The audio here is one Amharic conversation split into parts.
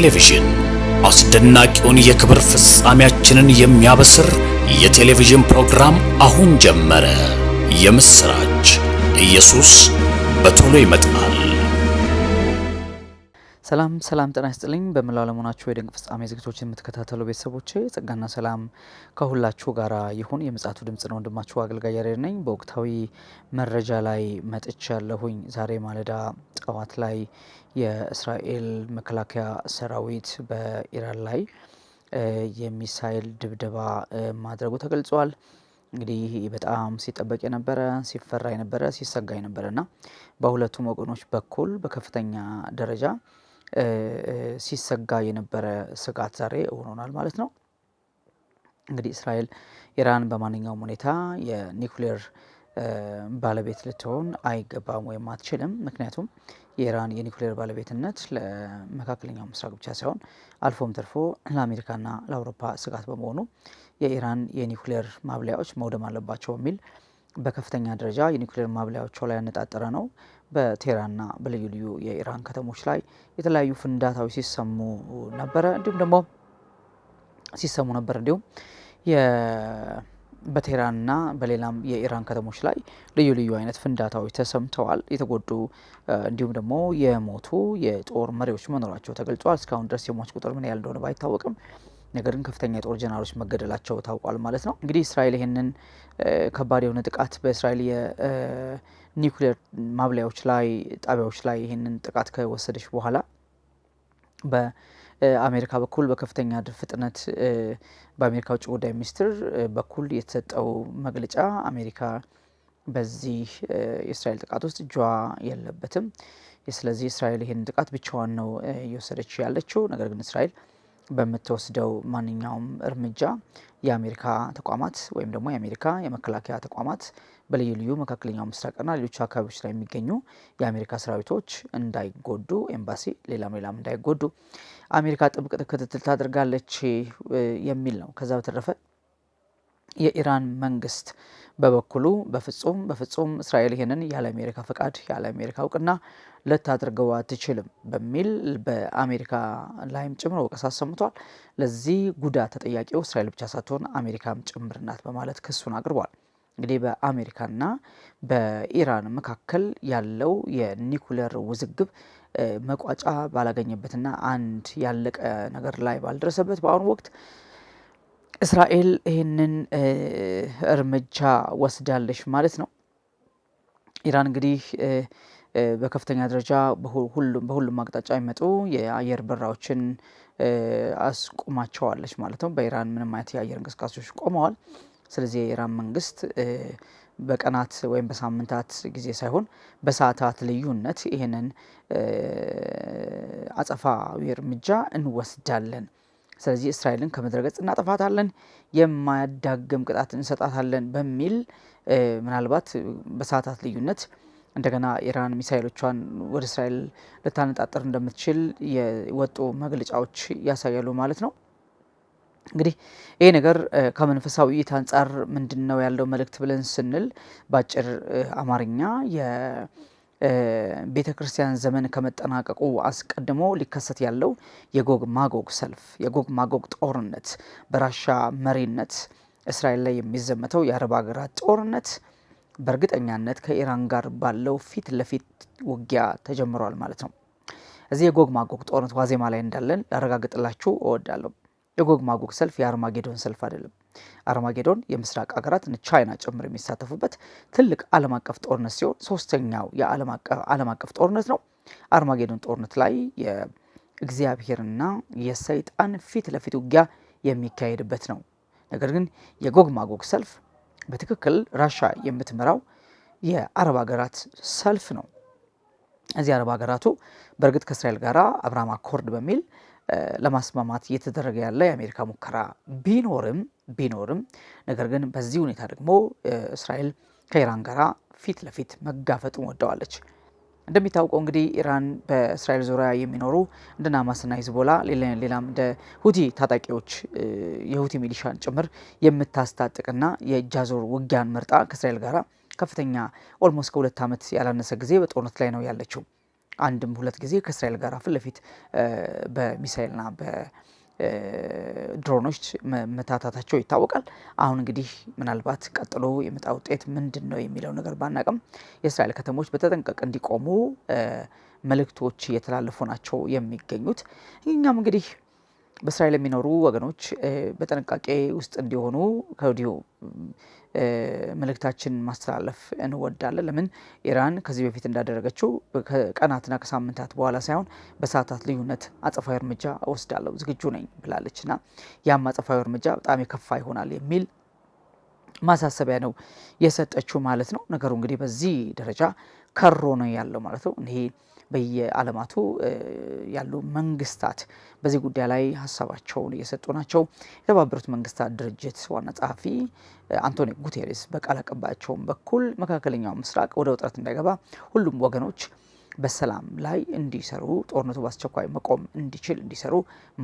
ቴሌቪዥን አስደናቂውን የክብር ፍጻሜያችንን የሚያበስር የቴሌቪዥን ፕሮግራም አሁን ጀመረ። የምስራች ኢየሱስ በቶሎ ይመጣል። ሰላም ሰላም፣ ጤና ይስጥልኝ በመላው ዓለም ሆናችሁ የድንቅ ፍጻሜ ዝግጅቶችን የምትከታተሉ ቤተሰቦች ጸጋና ሰላም ከሁላችሁ ጋራ ይሁን። የምጽአቱ ድምጽ ነው። ወንድማችሁ አገልጋይ ያሬድ ነኝ። በወቅታዊ መረጃ ላይ መጥቻ ያለሁኝ ዛሬ ማለዳ ጠዋት ላይ የእስራኤል መከላከያ ሰራዊት በኢራን ላይ የሚሳይል ድብደባ ማድረጉ ተገልጿል። እንግዲህ በጣም ሲጠበቅ የነበረ ሲፈራ የነበረ ሲሰጋ የነበረ እና በሁለቱም ወገኖች በኩል በከፍተኛ ደረጃ ሲሰጋ የነበረ ስጋት ዛሬ ሆኖናል ማለት ነው። እንግዲህ እስራኤል ኢራን በማንኛውም ሁኔታ የኒውክሌር ባለቤት ልትሆን አይገባም ወይም አትችልም። ምክንያቱም የኢራን የኒውክሌር ባለቤትነት ለመካከለኛው ምስራቅ ብቻ ሳይሆን አልፎም ተርፎ ለአሜሪካና ለአውሮፓ ስጋት በመሆኑ የኢራን የኒውክሌር ማብለያዎች መውደም አለባቸው በሚል በከፍተኛ ደረጃ የኒውክሌር ማብለያዎቿ ላይ ያነጣጠረ ነው በቴህራንና በልዩ ልዩ የኢራን ከተሞች ላይ የተለያዩ ፍንዳታዎች ሲሰሙ ነበረ እንዲሁም ደግሞ ሲሰሙ ነበር እንዲሁም በቴህራንና በሌላም የኢራን ከተሞች ላይ ልዩ ልዩ አይነት ፍንዳታዎች ተሰምተዋል። የተጎዱ እንዲሁም ደግሞ የሞቱ የጦር መሪዎች መኖራቸው ተገልጿል። እስካሁን ድረስ የሟች ቁጥር ምን ያህል እንደሆነ ባይታወቅም ነገር ግን ከፍተኛ የጦር ጀነራሎች መገደላቸው ታውቋል ማለት ነው። እንግዲህ እስራኤል ይህንን ከባድ የሆነ ጥቃት በእስራኤል የኒውክሌር ማብላያዎች ላይ ጣቢያዎች ላይ ይህንን ጥቃት ከወሰደች በኋላ በአሜሪካ በኩል በከፍተኛ ፍጥነት በአሜሪካ ውጭ ጉዳይ ሚኒስትር በኩል የተሰጠው መግለጫ አሜሪካ በዚህ የእስራኤል ጥቃት ውስጥ እጇ የለበትም። ስለዚህ እስራኤል ይህንን ጥቃት ብቻዋን ነው እየወሰደች ያለችው። ነገር ግን እስራኤል በምትወስደው ማንኛውም እርምጃ የአሜሪካ ተቋማት ወይም ደግሞ የአሜሪካ የመከላከያ ተቋማት በልዩ ልዩ መካከለኛው ምስራቅና ሌሎች አካባቢዎች ላይ የሚገኙ የአሜሪካ ሰራዊቶች እንዳይጎዱ፣ ኤምባሲ ሌላም ሌላም እንዳይጎዱ አሜሪካ ጥብቅ ክትትል ታደርጋለች የሚል ነው። ከዛ በተረፈ የኢራን መንግስት በበኩሉ በፍጹም በፍጹም እስራኤል ይህንን ያለ አሜሪካ ፈቃድ ያለ አሜሪካ እውቅና ልታደርገው አትችልም በሚል በአሜሪካ ላይም ጭምር ወቀሳ አሰምቷል። ለዚህ ጉዳት ተጠያቂው እስራኤል ብቻ ሳትሆን አሜሪካም ጭምር ናት በማለት ክሱን አቅርቧል። እንግዲህ በአሜሪካና በኢራን መካከል ያለው የኒኩሌር ውዝግብ መቋጫ ባላገኘበትና አንድ ያለቀ ነገር ላይ ባልደረሰበት በአሁኑ ወቅት እስራኤል ይህንን እርምጃ ወስዳለች ማለት ነው። ኢራን እንግዲህ በከፍተኛ ደረጃ በሁሉም አቅጣጫ የሚመጡ የአየር በራዎችን አስቁማቸዋለች ማለት ነው። በኢራን ምንም አይነት የአየር እንቅስቃሴዎች ቆመዋል። ስለዚህ የኢራን መንግስት በቀናት ወይም በሳምንታት ጊዜ ሳይሆን በሰዓታት ልዩነት ይህንን አጸፋዊ እርምጃ እንወስዳለን ስለዚህ እስራኤልን ከምድረ እናጠፋታለን፣ የማያዳግም ቅጣት እንሰጣታለን በሚል ምናልባት በሰዓታት ልዩነት እንደገና ኢራን ሚሳይሎቿን ወደ እስራኤል ልታነጣጥር እንደምትችል የወጡ መግለጫዎች ያሳያሉ ማለት ነው። እንግዲህ ይሄ ነገር ከመንፈሳዊ እይታ አንጻር ምንድን ነው ያለው መልእክት ብለን ስንል በአጭር አማርኛ ቤተ ክርስቲያን ዘመን ከመጠናቀቁ አስቀድሞ ሊከሰት ያለው የጎግ ማጎግ ሰልፍ፣ የጎግ ማጎግ ጦርነት በራሻ መሪነት እስራኤል ላይ የሚዘመተው የአረብ ሀገራት ጦርነት በእርግጠኛነት ከኢራን ጋር ባለው ፊት ለፊት ውጊያ ተጀምሯል ማለት ነው። እዚህ የጎግ ማጎግ ጦርነት ዋዜማ ላይ እንዳለን ላረጋግጥላችሁ እወዳለሁ። የጎግ ማጎግ ሰልፍ የአርማጌዶን ሰልፍ አይደለም። አርማጌዶን የምስራቅ ሀገራትን ቻይና ጭምር የሚሳተፉበት ትልቅ ዓለም አቀፍ ጦርነት ሲሆን ሶስተኛው የዓለም አቀፍ ጦርነት ነው። አርማጌዶን ጦርነት ላይ የእግዚአብሔርና የሰይጣን ፊት ለፊት ውጊያ የሚካሄድበት ነው። ነገር ግን የጎግ ማጎግ ሰልፍ በትክክል ራሻ የምትመራው የአረብ ሀገራት ሰልፍ ነው። እዚህ አረብ ሀገራቱ በእርግጥ ከእስራኤል ጋር አብርሃም አኮርድ በሚል ለማስማማት እየተደረገ ያለ የአሜሪካ ሙከራ ቢኖርም ቢኖርም ነገር ግን በዚህ ሁኔታ ደግሞ እስራኤል ከኢራን ጋር ፊት ለፊት መጋፈጡን ወደዋለች። እንደሚታወቀው እንግዲህ ኢራን በእስራኤል ዙሪያ የሚኖሩ እንደ ናማስና ሂዝቦላ ሌላም እንደ ሁቲ ታጣቂዎች የሁቲ ሚሊሻን ጭምር የምታስታጥቅና የእጃዞር ውጊያን መርጣ ከእስራኤል ጋር ከፍተኛ ኦልሞስት ከሁለት ዓመት ያላነሰ ጊዜ በጦርነት ላይ ነው ያለችው። አንድም ሁለት ጊዜ ከእስራኤል ጋር ፊት ለፊት በሚሳይልና ድሮኖች መታታታቸው ይታወቃል። አሁን እንግዲህ ምናልባት ቀጥሎ የመጣ ውጤት ምንድን ነው የሚለው ነገር ባናቅም የእስራኤል ከተሞች በተጠንቀቅ እንዲቆሙ መልእክቶች እየተላለፉ ናቸው የሚገኙት። እኛም እንግዲህ በእስራኤል የሚኖሩ ወገኖች በጥንቃቄ ውስጥ እንዲሆኑ ከወዲሁ መልእክታችን ማስተላለፍ እንወዳለን። ለምን ኢራን ከዚህ በፊት እንዳደረገችው ከቀናትና ከሳምንታት በኋላ ሳይሆን በሰዓታት ልዩነት አጸፋዊ እርምጃ እወስዳለሁ ዝግጁ ነኝ ብላለች እና ያም አጸፋዊ እርምጃ በጣም የከፋ ይሆናል የሚል ማሳሰቢያ ነው የሰጠችው ማለት ነው። ነገሩ እንግዲህ በዚህ ደረጃ ከሮ ነው ያለው ማለት ነው። ይሄ በየዓለማቱ ያሉ መንግስታት በዚህ ጉዳይ ላይ ሀሳባቸውን እየሰጡ ናቸው። የተባበሩት መንግስታት ድርጅት ዋና ጸሐፊ አንቶኒ ጉቴሬስ በቃል በኩል መካከለኛው ምስራቅ ወደ ውጥረት እንዳይገባ ሁሉም ወገኖች በሰላም ላይ እንዲሰሩ ጦርነቱ በአስቸኳይ መቆም እንዲችል እንዲሰሩ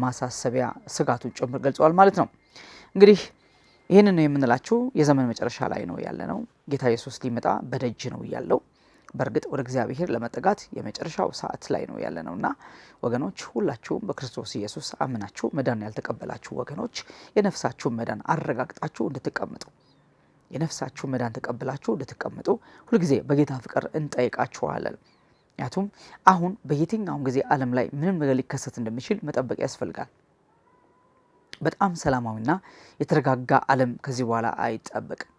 ማሳሰቢያ ስጋቱን ጭምር ገልጸዋል ማለት ነው። እንግዲህ ይህንን ነው የምንላችሁ የዘመን መጨረሻ ላይ ነው ያለ ነው። ጌታ ኢየሱስ ሊመጣ በደጅ ነው እያለው በእርግጥ ወደ እግዚአብሔር ለመጠጋት የመጨረሻው ሰዓት ላይ ነው ያለነውና ወገኖች ሁላችሁም በክርስቶስ ኢየሱስ አምናችሁ መዳን ያልተቀበላችሁ ወገኖች የነፍሳችሁን መዳን አረጋግጣችሁ እንድትቀምጡ የነፍሳችሁን መዳን ተቀብላችሁ እንድትቀምጡ ሁልጊዜ በጌታ ፍቅር እንጠይቃችኋለን። ምክንያቱም አሁን በየትኛውም ጊዜ ዓለም ላይ ምንም ነገር ሊከሰት እንደሚችል መጠበቅ ያስፈልጋል። በጣም ሰላማዊና የተረጋጋ ዓለም ከዚህ በኋላ አይጠበቅም።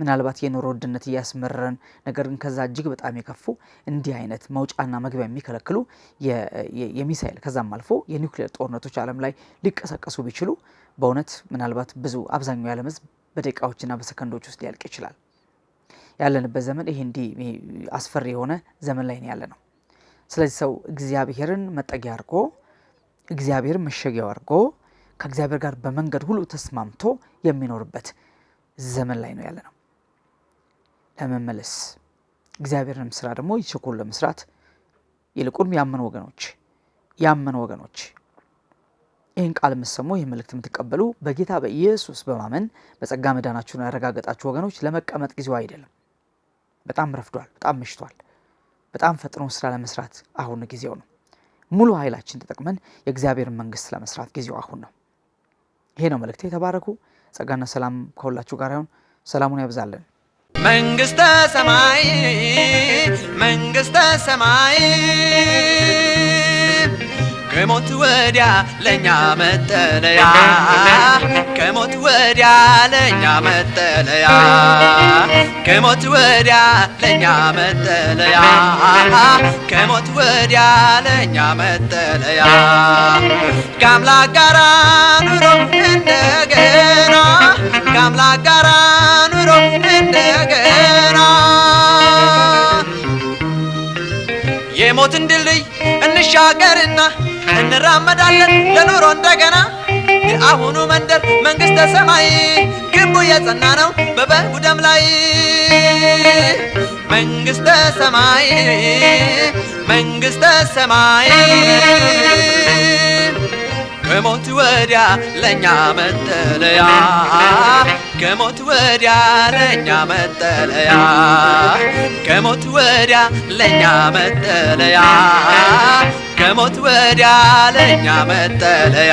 ምናልባት የኑሮ ውድነት እያስመረረን ነገር ግን ከዛ እጅግ በጣም የከፉ እንዲህ አይነት መውጫና መግቢያ የሚከለክሉ የሚሳይል ከዛም አልፎ የኒውክሌር ጦርነቶች ዓለም ላይ ሊቀሰቀሱ ቢችሉ በእውነት ምናልባት ብዙ አብዛኛው የዓለም ሕዝብ በደቂቃዎችና በሰከንዶች ውስጥ ሊያልቅ ይችላል። ያለንበት ዘመን ይሄ እንዲህ አስፈሪ የሆነ ዘመን ላይ ነው ያለ ነው። ስለዚህ ሰው እግዚአብሔርን መጠጊያ አድርጎ እግዚአብሔር መሸጊያው አድርጎ ከእግዚአብሔር ጋር በመንገድ ሁሉ ተስማምቶ የሚኖርበት ዘመን ላይ ነው ያለ ነው። ለመመለስ እግዚአብሔርንም ስራ ደግሞ ይቸኩሉ ለመስራት ይልቁን ያመኑ ወገኖች ያመኑ ወገኖች ይህን ቃል የምትሰሙ ይህ መልእክት የምትቀበሉ በጌታ በኢየሱስ በማመን በጸጋ መዳናችሁን ያረጋገጣችሁ ወገኖች ለመቀመጥ ጊዜው አይደለም። በጣም ረፍዷል። በጣም መሽቷል። በጣም ፈጥኖ ስራ ለመስራት አሁን ጊዜው ነው። ሙሉ ኃይላችን ተጠቅመን የእግዚአብሔርን መንግስት ለመስራት ጊዜው አሁን ነው። ይሄ ነው መልእክቴ። የተባረኩ ጸጋና ሰላም ከሁላችሁ ጋር ይሁን። ሰላሙን ያብዛለን። መንግስተ ሰማይ መንግስተ ሰማይ ከሞት ወዲያ ለኛ መጠለያ ከሞት ወዲያ ለኛ መጠለያ ከሞት ወዲያ ለኛ መጠለያ ከሞት ወዲያ ለኛ መጠለያ ከአምላክ ጋራ የሞትን ድልድይ እንሻገርና እንራመዳለን ለኑሮ እንደገና የአሁኑ መንደር መንግሥተ ሰማይ ግንቡ የጸና ነው በበጉ ደም ላይ መንግሥተ ሰማይ መንግሥተ ሰማይ ከሞት ወዲያ ለእኛ መጠለያ ከሞት ወዲያ ለእኛ መጠለያ ከሞት ወዲያ ለእኛ መጠለያ ከሞት ወዲያ ለእኛ መጠለያ